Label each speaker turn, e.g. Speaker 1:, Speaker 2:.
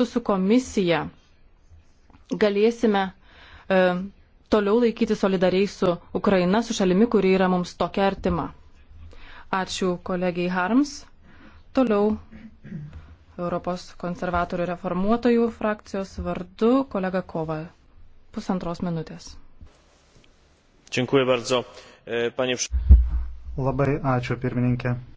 Speaker 1: kartu su komisija galėsime e, toliau laikyti solidariai su Ukraina, su šalimi, kuri yra mums tokia artima. Ačiū kolegiai Harms. Toliau Europos konservatorių reformuotojų frakcijos vardu kolega Kova. Pusantros minutės.
Speaker 2: Dziękuję bardzo, e, panie. Labai ačiū, pirmininkė.